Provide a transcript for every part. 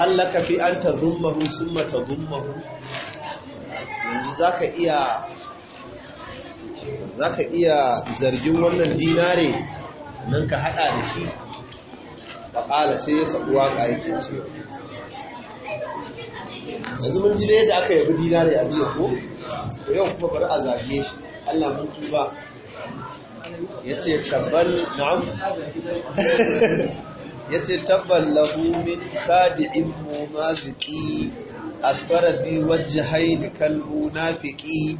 hallaka fi an ta zummahu summa ta zummahu yanzu za ka iya zargin wannan dinare nan ka hada da shi faƙala sai ya sabu waƙa yake ce yanzu mun ji yadda aka yabi dinare a jiya ko yau kuma bari a zage shi allah mutu ba. ya ce tabbal na'am ya ce tabbal lahumin kaɗi in moma zuki asfarabi wajen na fiƙi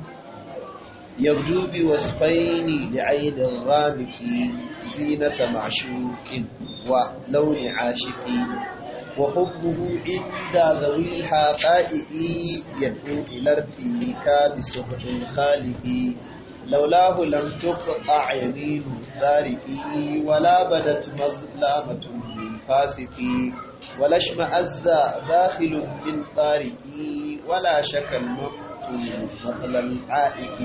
ya dubi wasu faini da ramiki zinata mashukin wa launi ashiki wa hukuhu inda zaune ha ƙa'i'i yadda ilar tilika da لولاه لم تقطع يمين السارقي ولا بدت مظلمة من فاسقي ولا اشمأز باخل من طارقي ولا شك المقتل مثل العائق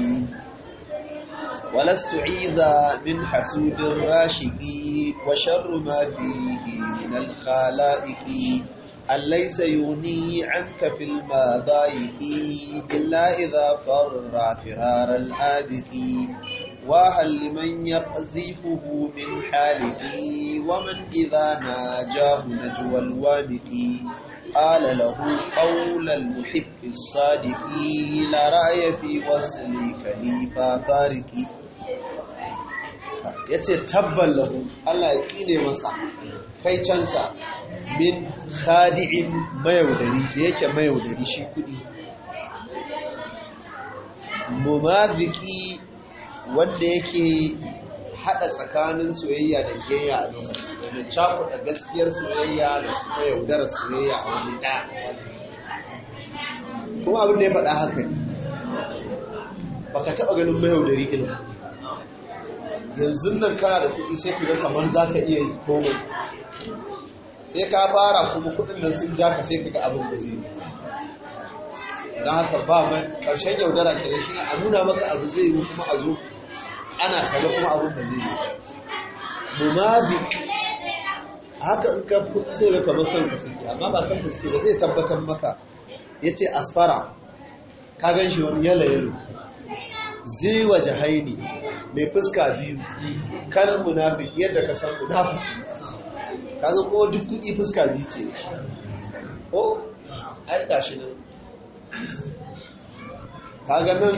ولست عيدا من حسود الراشق وشر ما فيه من الخلائق alaisa yuni an kafin ma za'iki illa idha farra firar al'adiki wa halliman ya zifuhu min halifi wa man na jahu na juwal wadiki ala lahu qawlal muhibbi sadiki la fi wasli kalifa tariki yace tabbal lahu Allah ya kide kai can min khadi'in mayaudari da yake mayaudari shi kudi mumaziki wanda yake hada tsakanin soyayya da gayya a lokacin domin cakuɗa gaskiyar soyayya da kuma yaudarar soyayya a wani ɗa. kuma abin da ya faɗa haka ne ba ka taɓa ganin mayaudari ilmi yanzu nan kana da kuɗi sai ka kamar za ka iya yi komai sai ka fara kuma kudin nan sun ja ka sai ka ga abin da zai yi. don haka ba mai ƙarshen yaudara ke da shi a nuna maka abu zai yi kuma a zo ana sale kuma abin da zai yi mumabi haka in ka fi sai da kamar son ka suke amma ba son ka suke ba zai tabbatar maka ya ce asfara ka gan shi wani yala yalo zai waje haini mai fuska biyu Kan munafik yadda ka san munafik kaga ko duk kuɗi fuska biyu ce ko ai tashi nan kaga nan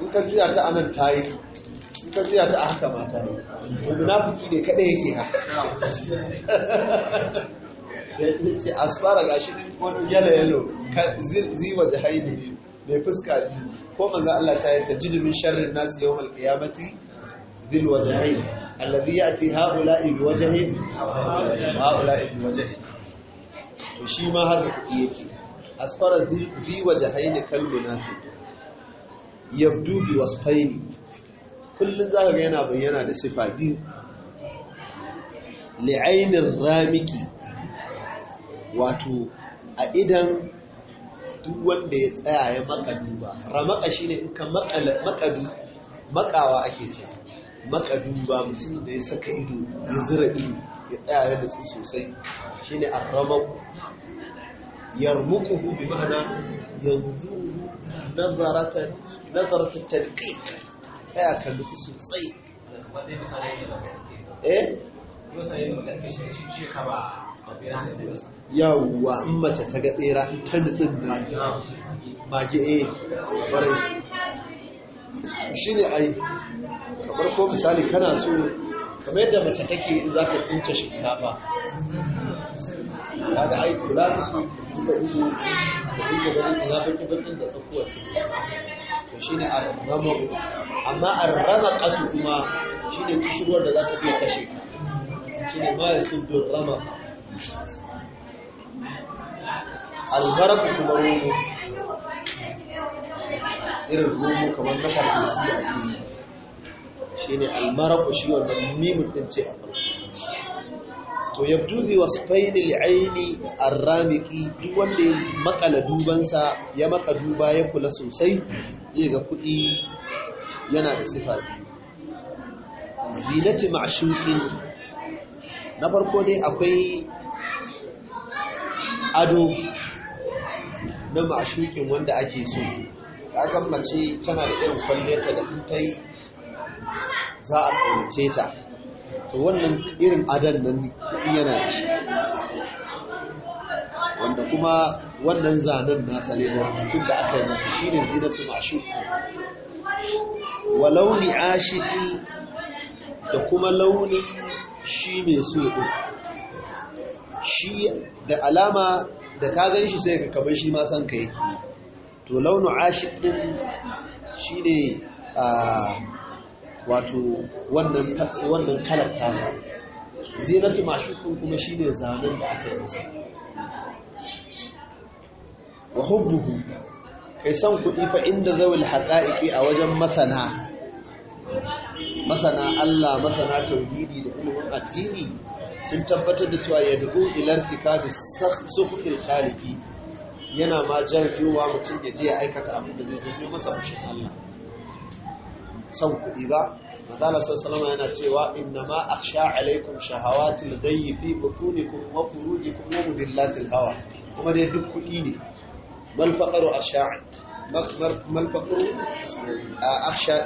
in ka juya ta anan ta yi in ka juya ta a haka ma ta yi wanda nafuki ne kaɗai yake ha ce asfara gashi nan wani yalo yalo ziwa da haini mai fuska biyu ko manzan Allah ta yi ta jidumin sharrin nasu yawmal qiyamati dil wajhain alladhi yati haula'i bi wajhi haula'i bi wajhi to shi ma har kudi yake as far as zi wajhain kalmunafi yabdu bi wasfaini kullun zaka ga yana bayyana da sifa biyu li'ainin ramiki wato a idan duk wanda ya tsaya ya makadu ba ramaka shi ne in ka makawa ake ce makadu mutum da ya saka ido ya zira ido ya tsaya da su sosai shi shine arramau yarmuquhu bi ma'ana yanzu nazaratan tarki tadqiq tsaya kalli su sosai eh yawwa in mace ta ga tsera ta nutsin na mage eh shi ne ai kamar ko misali kana so kamar yadda mace take in za ta tsince shinkafa ta da ai kula ta su da ido da ido da ido na baki bakin da tsakuwa su to shi ne arrama amma arrama ƙatu kuma shi ne kishirwar da za ta iya kashe shi ne ma ya sun don rama albaraku kuma rumu. irin romo kamar na farfesi a yi shi ne shi wanda mimin ɗin ce a farko to yabdu bi aini a ramiki duk wanda ya makala dubansa ya maka duba ya kula sosai zai ga kuɗi yana da sifar zinati ma'shuqin na farko dai akwai ado na ma'shuqin wanda ake so ka san mace tana da irin kwalliyarta ta da in ta yi za a kaunace ta to wannan irin adan nan yana da shi wanda kuma wannan zanen na ne da mutum da aka yi masa zina zinatu mashuku wa launi ashiki da kuma launi shi mai so ɗin shi da alama da ka gan shi sai ka kamar shi ma san ka yake to launu ashib din shine a wato wannan wannan kalar tasa zinatu mashukun kuma shine zanen da aka yi masa wa hubbuhu kai san kuɗi fa inda zawil haqa'iqi a wajen masana masana Allah masana tauhidi da ilimin addini sun tabbatar da cewa yad'u ila irtikabi sukhil khaliqi yana ma jarfiwa mutum da zai aikata abin da zai janyo masa fushin Allah san kuɗi ba mazala sallallahu yana cewa inna ma akhsha alaikum shahawatil ghayyi fi butunikum wa furujikum wa mudillatil hawa kuma dai duk kuɗi ne mal faqaru asha'in ما الفقر أخشى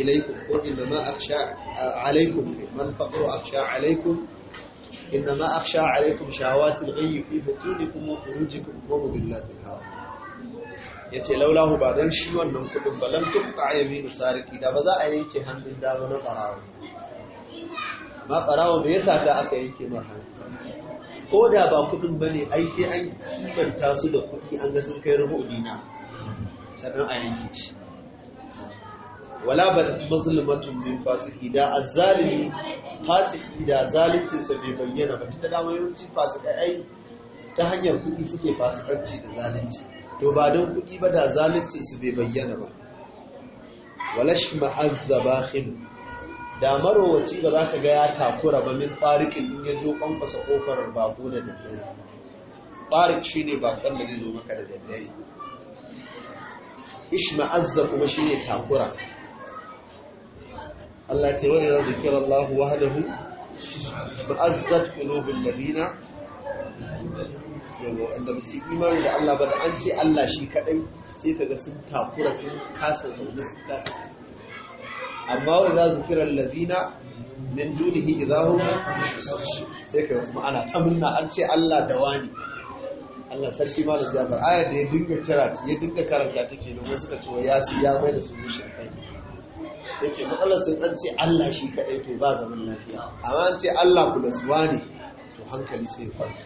إليكم قل إنما أخشى عليكم ما الفقر أخشى عليكم إنما أخشى عليكم شهوات الغي في بطونكم وخروجكم ومضلات الهوى yace laulahu ba don shi wannan kudin ba lam tuqta yaminu sariki da ba za a yanke hannun dama na barawo ma barawo bai yasa ta aka yanke mar ko da ba kudin bane ai sai an kimanta su da kudi an ga sun kai rubu dina sannan a yanke shi wala badat mazlumatun min fasiki da azzalimi fasiki da zalincin sa bai bayyana ba ta dama yawanci fasikai ai ta hanyar kuɗi suke fasikanci da zalunci to ba don kuɗi ba da zaluncin su bai bayyana ba walash ma'azza bakhin da marowaci ba za ka ga takura ba min farikin in ya zo kwankwasa kofar babu da daddare farik shine da zai zo maka da daddare ishma'azza kuma shine takura Allah ce wani zai zikir Allah wahadahu ba'azzat qulubul ladina yau wanda ba su imanin da Allah ba da an ce Allah shi kadai sai kaga sun takura sun kasa zaune sun kasa amma wani zai zikir ladina min dunihi idahu sai ka kuma ana ta munna an ce Allah da wani Allah sarki malam Jabir ayar da ya dinga kira ya dinga karanta take ne wasu suka ce ya su ya mai da su mushrik ya ce matsalar sun an ce Allah shi kaɗai to ba zaman lafiya amma an ce Allah kula suwa ne to hankali sai kwanta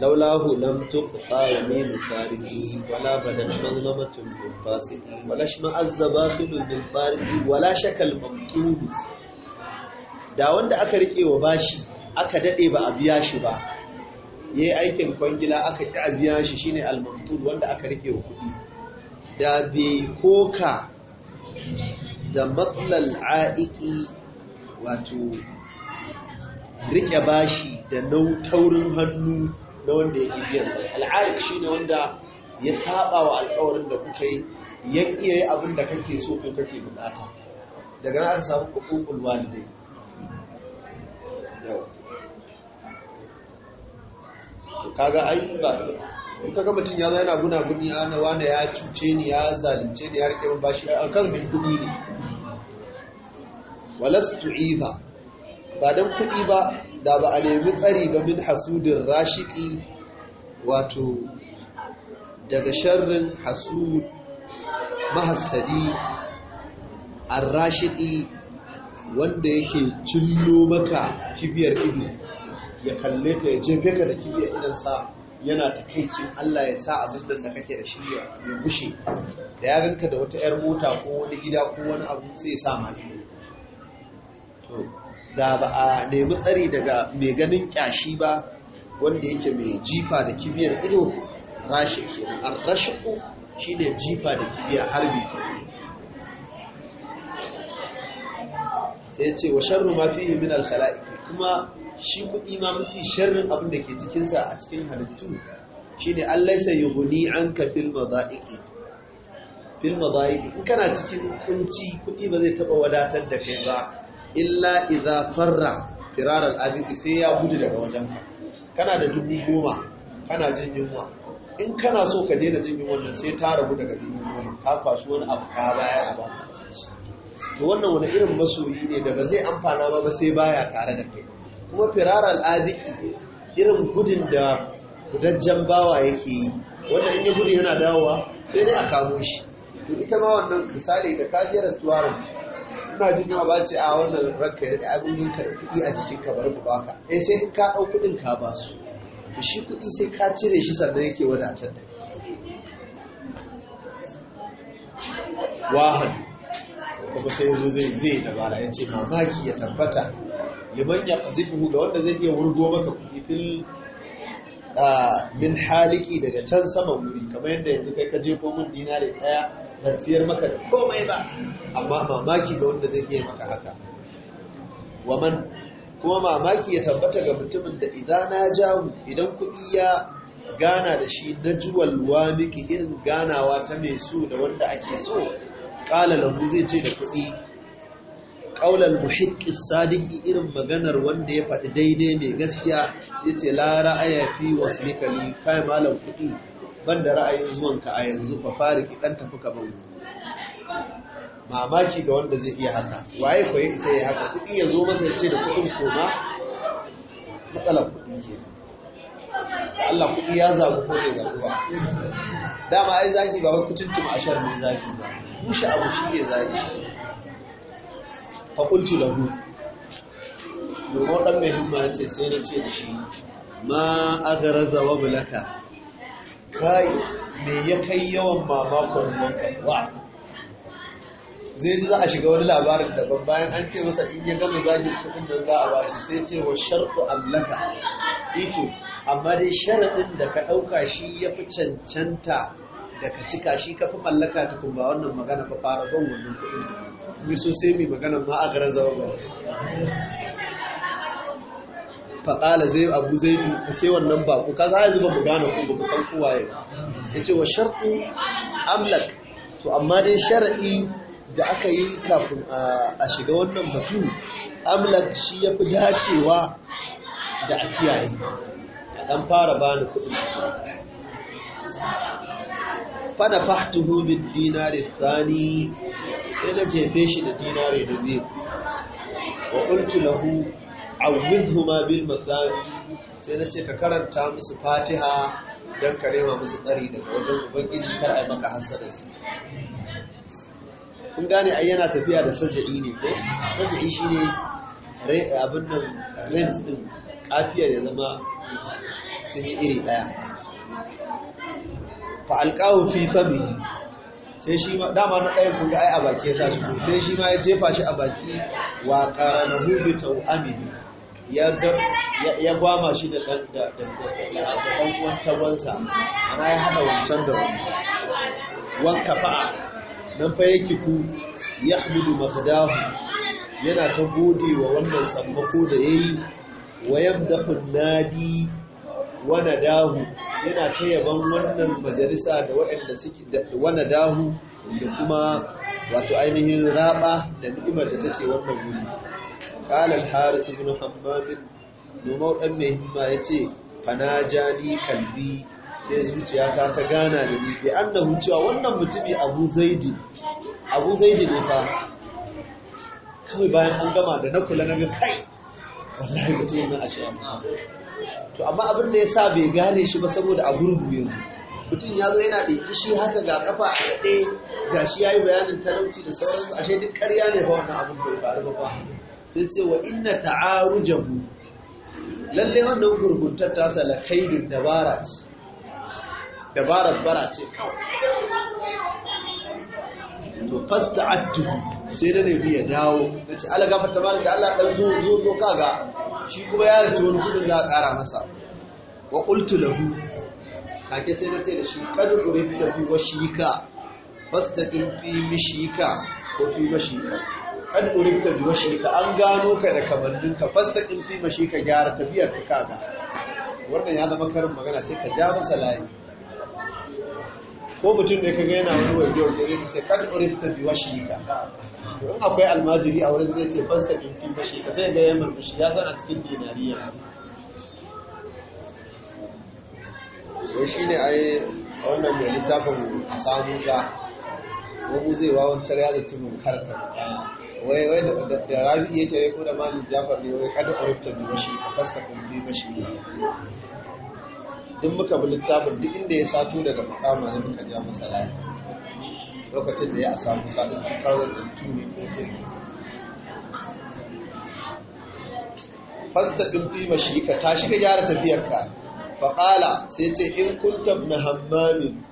laulahu lam tuqta ya ne musarihi wala badan mazlamatun bil fasidi wala su ne bil fari wala shakal mamtud da wanda aka rike wa bashi aka dade ba a biya shi ba yayi aikin kwangila aka ki a biya shi shine al-mamtud wanda aka rike wa kuɗi da bai koka da matsalar aiki wato rike bashi da nautaurin hannu na wanda ya biyan al'arik shi ne wanda ya saba wa alkawarin da kuka yi ya iya yi abin da kake so ko kake bukata daga na aka samu hukukul walidai yau kaga ayyuka ka ga mutum ya zo yana guna guni ana ah, wani ya cuce ni ya zalunce ni ya rike min bashi a kan mai kuɗi ne Walas tu'i ba don kuɗi ba da ba a nemi tsari ba min hasudin rashiki wato daga sharrin hasud mahassadi rashiki wanda yake cillo maka kibiyar ido ya kalle ka ya jefe ka da kibiyar idan sa. yana takaicin Allah ya sa abin da kake da shirya ya gushe da ya ganka da wata 'yar mota ko wani gida ko wani abu sai ya sa mashi to da ba a nemi tsari daga mai ganin kyashi ba wanda yake mai jifa da kibiyar ido rashi kenan ko shi shine jifa da kibiyar harbi sai ce wa sharru ma fihi min al kuma shi kuɗi ma mafi sharrin abin da ke cikinsa a cikin halittu shi ne an laisa yi guni an ka filma za'iƙi filma za'iƙi in kana cikin kunci kuɗi ba zai taɓa wadatar da kai ba illa iza farra firar al'adiki sai ya gudu daga wajen ka kana da dubu goma kana jin yunwa in kana so ka daina jin yunwa nan sai ta rabu daga dubu goma ka kwashi wani abu ka baya a ba to wannan wani irin masoyi ne da ba zai amfana ba ba sai baya tare da kai kuma firar al'abiki irin gudun da kudajen bawa yake yi wanda in yi gudu yana dawowa sai dai a kamo shi to ita ma wannan misali da ka je restaurant ina jin yawa ba ce a wannan ranka ya abin yin ka kuɗi a jikin ka bari baka eh, sai in ka ɗau kuɗin ka ba su to shi kuɗi sai ka cire shi sannan yake wadatar da wahan kuma sai yanzu zai zai dabara ya ce mamaki ya tabbata liman ya ƙazifuhu ga wanda zai iya wurgo maka kuɗi fil min haliki daga can saman wuri kamar yadda yanzu kai ka jefo min dinare ɗaya ban siyar maka da komai ba amma mamaki ga wanda zai iya maka haka waman kuma mamaki ya tabbata ga mutumin da idan na jawo idan kuɗi ya gana da shi na juwalwa miki irin ganawa ta mai so da wanda ake so ƙala lambu zai ce da kuɗi Kaular muhikki sadiki irin maganar wanda ya faɗi daidai mai gaskiya ya ce la ra'aya fi wasu likali kai malam kuɗi ban da ra'ayin zuwanka a yanzu fa fari ɗan tafi ka ban mamaki ga wanda zai iya haka waye ko ya isa ya haka kuɗi ya zo masa ya ce da kuɗin koma matsalar kuɗi ke Allah kuɗi ya zaɓi ko bai zaɓi ba dama ai zaki ba wai kucin a ashar ne zaki ba bushe abu shi ke zaki faƙultu lahu domin ɗan mai himma ya ce sai na ce da shi ma gara zawa bulata kai mai ya kai yawan mamakon wanka wa zai ji za a shiga wani labarin daban bayan an ce masa in ya gama zagi kuɗin da za a bashi sai ce wa sharɗu allaka Ito. amma dai sharaɗin da ka ɗauka shi ya fi cancanta da ka cika shi ka fi mallaka tukun ba wannan magana ba fara ban wannan kuɗin bi so sai mai magana ma a gara zama ba faƙala zai abu zai sai wannan ba ku ka za a zuba mu ku ba san kowa ya ce wa sharku amlak to amma dai shara'i da aka yi kafin a shiga wannan batu amlak shi ya fi dacewa da a kiyaye a ɗan fara bani kuɗi fana fahtuhu bin dinari tsani sai na jefe shi da dinari da biyu wa ƙultu lahu awwidhu ma bil masani sai na ce ka karanta musu fatiha don ka nema musu tsari daga wajen ubangiji kar a yi maka da su kun gane ai yana tafiya da saja'i ne ko saja'i ne abin nan rems din kafiya ya zama sun yi iri daya fa alqahu fi fabi sai shi ma dama na ɗaya kun ai a baki ya tashi sai shi ma ya jefa shi a baki wa na bi tawami ya ya gwama shi da dan da dan uwan tabansa ana ya hada wancan da wani wanka fa nan fa yake ku yahmudu maqdahu yana ta gode wa wannan sammako da yayi wa dafin nadi wana dahu yana ta yaban wannan majalisa da waɗanda suke da wana dahu da kuma wato ainihin raba da ni'imar da take wannan wuri qala al-haris ibn hammad no dan mai himma yace fanajani kalbi sai zuciyata ta gana da ni bi annahu cewa wannan mutumi Abu Zaidi Abu Zaidi ne fa kai bayan an gama da na kula na ga kai wallahi mutum na ashe amma to amma abin da ya sa bai gane shi ba saboda a gurgu yanzu mutum ya zo yana da shi haka ga kafa a daɗe ga shi ya yi bayanin talauci da sauransu ashe duk karya ne ba wannan abin bai faru ba ba sai ce wa inna ta'arujahu lalle wannan gurguntar ta sa la khairin dabara dabarar bara ce kawai to sai da ne biya dawo nace Allah gafarta mana da Allah dan zo zo kaga shi kuma ya zace wani kudin za a ƙara masa wa qultu lahu kake sai na ce da shi kad urifta fi fasta ɗin fi mishika ko fi mashika kad urifta fi ka, an gano ka da kamanninka ɗin fi mashika gyara tafiyar ka kaga wannan ya zama karin magana sai ka ja masa layi ko mutum ne kaga yana wani wajen wajen zai ce kad urifta fi ka. akwai almajiri a wurin zai ce fasta ɗin fi bashi ka sai ga ya murmushi ya zana a cikin dinariya ne shine yi wannan mai littafin a samu sa wani zai wawancar ya zai cikin karta wai wai da rabi ya tare ko da malin jafar ne wai kada rufta bi bashi a fasta kun bi bashi duk muka bi littafin duk inda ya sato daga makama zai muka ja masa lafiya lokacin da ya a samu sa'in da tuni ko fasta ɗin fi shi ka tashi ka gyara tafiyarka faƙala sai ce in kunta na hammamin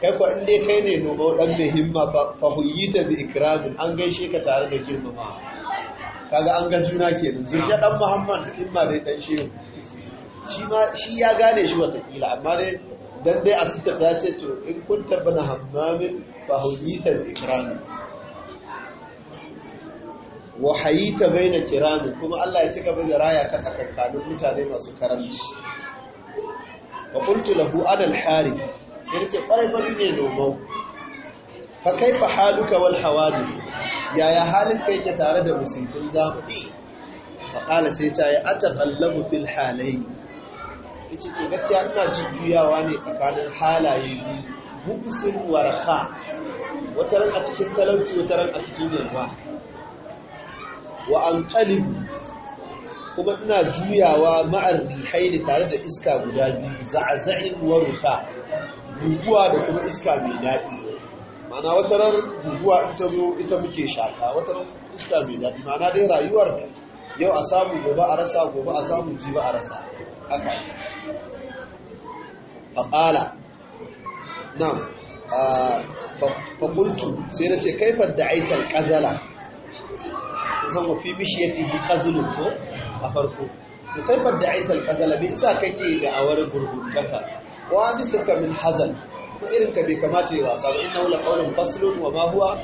kai kwa inda kai ne noma ɗan mai himma fahuyita da ikramin an gaishe ka tare da girmama kaga an ga juna kenan zurga ɗan muhammad himma dai ɗan shehu shi ma shi ya gane shi watakila amma dai dan dai a sita ta ce to in kun na hammamin bahuyitar ikrani wa hayita baina kirani kuma Allah ya cika bai da raya ka tsakakkan mutane masu karanci wa qultu lahu ana al-hari sai ce kwarai bari ne dogo fa kai fa haluka wal hawadith halin kai ke tare da musulmin zamani fa kana sai ta ya atallabu fil halayni kici to gaskiya ina jujuyawa ne tsakanin halaye biyu mubsin warha wata a cikin talauci wata a cikin yalwa wa an kuma ina juyawa ma'ar rihaini tare da iska guda biyu za'aza'in waruka, guguwa da kuma iska mai daɗi mana wata guguwa in zo ita muke shaka wata iska mai daɗi mana dai rayuwar yau a samu gobe a rasa gobe a samu ji ba a rasa haka faƙala na'am ah, fakultu sai na ce kaifar da aitar kazala zan wafi ya bi kazulun ko a farko to kaifar da aitar kazala bai isa kake da awar gurgurkaka wa ka min hazal ko irin ka bai kamata yi wasa ba ina wula qawlun faslun wa ma huwa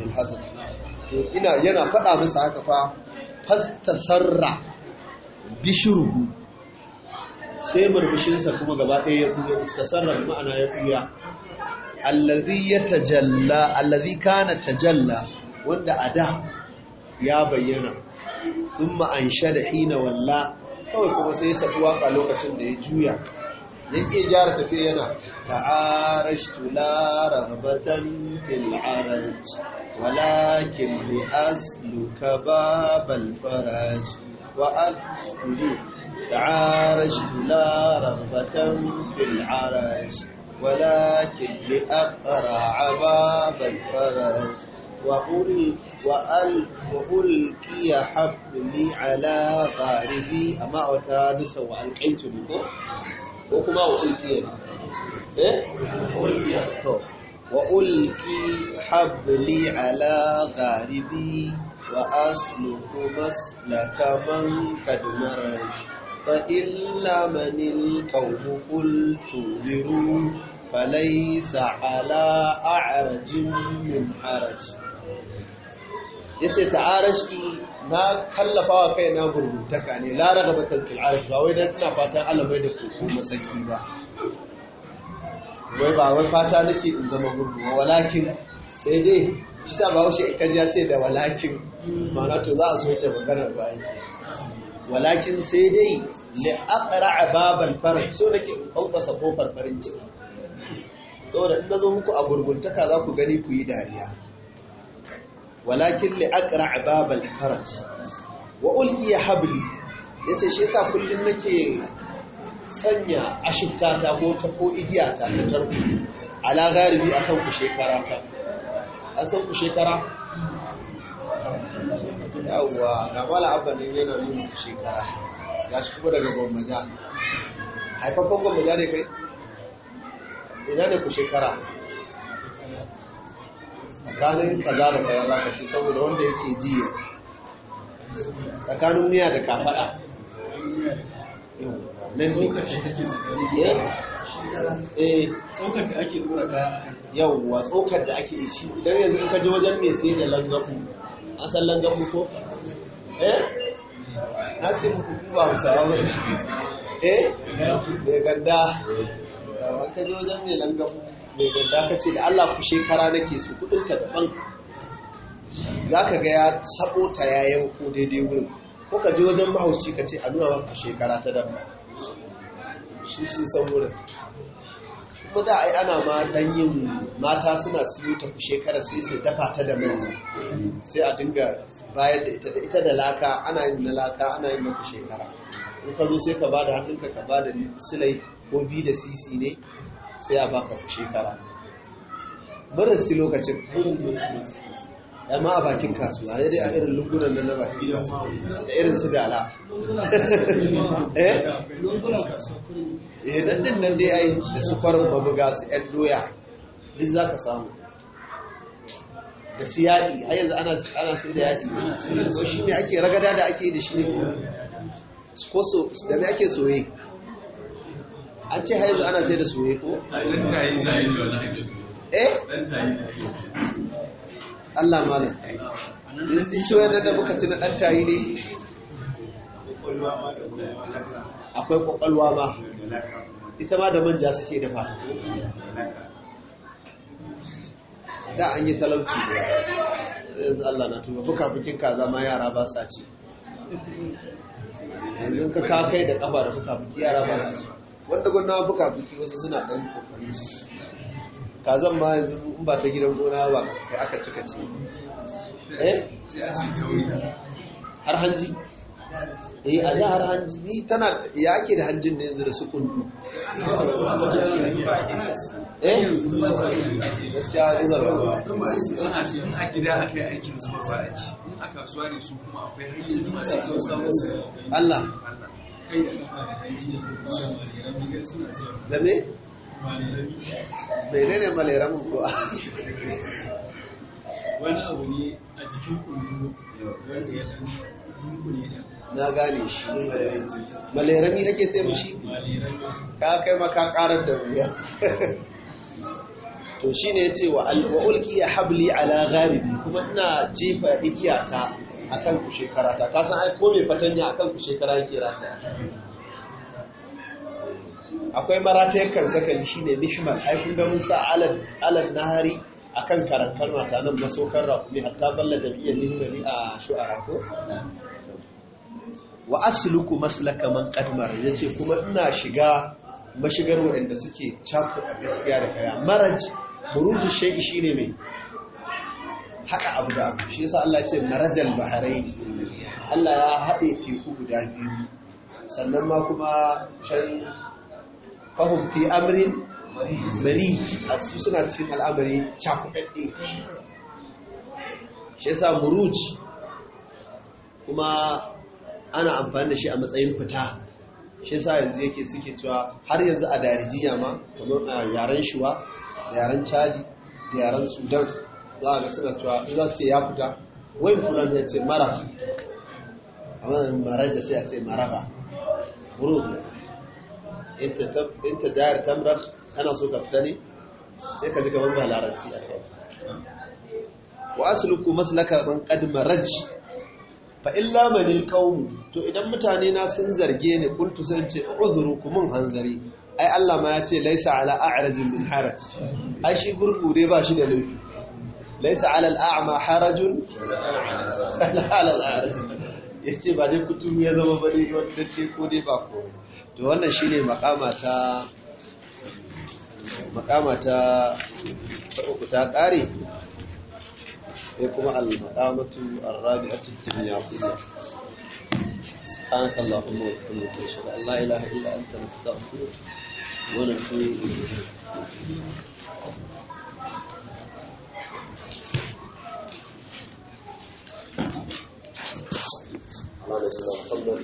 min hazal to ina yana faɗa masa haka fa fastasarra bishruhu sai murmushinsa kuma gaba ɗaya ya kuya istasarra ma'ana ya kuya allazi ya tajalla allazi kana tajalla wanda a da ya bayyana sun ma'ansha da hina walla kawai kuma sai sabu a lokacin da ya juya yan iya gyara tafiya yana ta'arashtu la rahabatan fil araj walakin li asluka babal faraj wa aslu ta'arashtu la rahabatan fil araj ولكن لأقرع باب الفرس وألقي وألقي حبلي على غاربي أما أوتا نسخة وألقيت بكو وكما وألقي إيه؟ وألقي حبلي على غاربي وأسلك مسلك من قد مرج فإلا من القوم قلت ذروا فليس على أعرج من حرج yace ta'arashtu na kallafawa kai na gurgurtaka ne la ragabatan fil arsh ba wai dan ina fatan Allah bai da koko masaki ba wai ba wai fata nake in zama gurgurwa walakin sai dai shi sa ba wuce kaji ya ce da walakin ma'ana to za a soke maganar bayan walakin sai dai a babal farin so ke kwankwasa ƙofar farin ciki saboda inda zo muku a gurguntaka za ku gani ku yi dariya walakin a babal farin wa ya habli ce shi yasa kullun nake sanya ashibtata ko ta ko igiya ta tarko ala garibi akan ku shekara ta an san ku shekara yawwa ga mala abba ne yana nuna shekara ya shi kuma daga gwammaja haifafan gwammaja ne kai ina ne ku shekara tsakanin kaza da kaza za ka ce saboda wanda yake jiya tsakanin miya da kafaɗa eh. tsokar da ake dora kaya yauwa tsokar da ake ishi idan yanzu ka ji wajen mai sai da langafu A ga mutu eh na ce muku kuma hausawa ba eh ganda ba ka je wajen mai langa mai ganda ka ce da Allah ku shekara nake su kudin ta daban za ka ga ya sabota ya ko daidai wurin ko ka ji wajen mahauci ka ce a nuna maka shekara ta daban shi shi san wurin kuma da ai ana ma dan yin mata suna siyo ta shekara sai sai dafa ta da mai sai a dinga bayar da ita da ita da laka ana yin laka ana yin na shekara in ka zo sai ka ba da hannunka ka ba da silai ko bi da sisi ne sai a baka shekara mun riski lokacin amma a bakin kasuwa ya dai a irin lungunan nan na bakin kasuwa da irin su dala eh dan eh, din nan dai ai da su farin babuga su ɗan doya duk za ka samu da su yaƙi A yanzu ana ana sai da yaƙi ko shi ne ake ragada da ake yi da shi ne ko so da me ake soye an ce har yanzu ana sai da soye ko eh Allah malam su yadda da muka ci na ɗan tayi ne akwai ƙwaƙwalwa ba ita ma da manja suke dafa da an yi talauci da yanzu Allah na tuba buka bukin kaza ma yara ba sa ci yanzu ka kakai da kafa da buka buki yara ba sa ci wanda gwanna buka buki wasu suna ɗan kokari su kazan ma yanzu in ba ta gidan gona ba kai aka cika ce har hanji eh a da har hanji ni tana ya ake da hanjin ne yanzu da su kundu eh gaskiya ce a gida ba a kasuwa ne su kuma akwai hanyar da kafa da hanji da kuma da menene maleramin kuwa wani abu ne a cikin kullu wanda ya dan kullu na gane shi malerami ake ce mishi ka kai maka karar da wuya to shi ne ce wa ya habli ala gharibi kuma ina jefa igiya ta akan ku shekara ta kasan ai ko mai fatanya akan ku shekara ya ke rata akwai maratayakan sakali shi ne, ai kun ga sa alal na nahari a kan karankar mata nan masokan rakumi hatta balla da biyan mihmali a shu'ara ko wa asluku maslaka man ya yace kuma ina shiga mashigar waɗanda suke a gaskiya da kaya maraj shai shi shine mai haka abu da abu shi yasa Allah ce marajal bahrain Allah ya haɗe teku guda biyu sannan ma kuma can fahim fi amrin mari a su suna cikin al'amari cakuɗaɗɗe shi yasa muruj kuma ana amfani da shi a matsayin fita shi yasa yanzu yake suke cewa har yanzu a darijiya ma kamar a yaren shuwa da yaren chadi da yaren sudan za a ga suna cewa in za su ce ya fita wai fulan ya ce mara amma mara da sai a ce muruj in ta jayar tamrar ana so ka fita ne sai ka zika kamar ba a kai wa asluku maslaka ban qad maraj fa illa man kawun to idan mutane na sun zarge ni kuntu sai ce uzrukum mun hanzari ai Allah ma ya ce laisa ala a'rajin min haraj ai shi dai ba shi da laifi laisa ala al'a'ma harajun ala Ya ce ba dai kutu ya zama bane wanda ce ko dai ba kowai to wannan shine makama ta makama ta uku ta kare sai kuma al-maqamatu ar-rabi'atu subhanaka allahumma wa bihamdika ashhadu an la ilaha illa anta astaghfiruka wa atubu Gracias.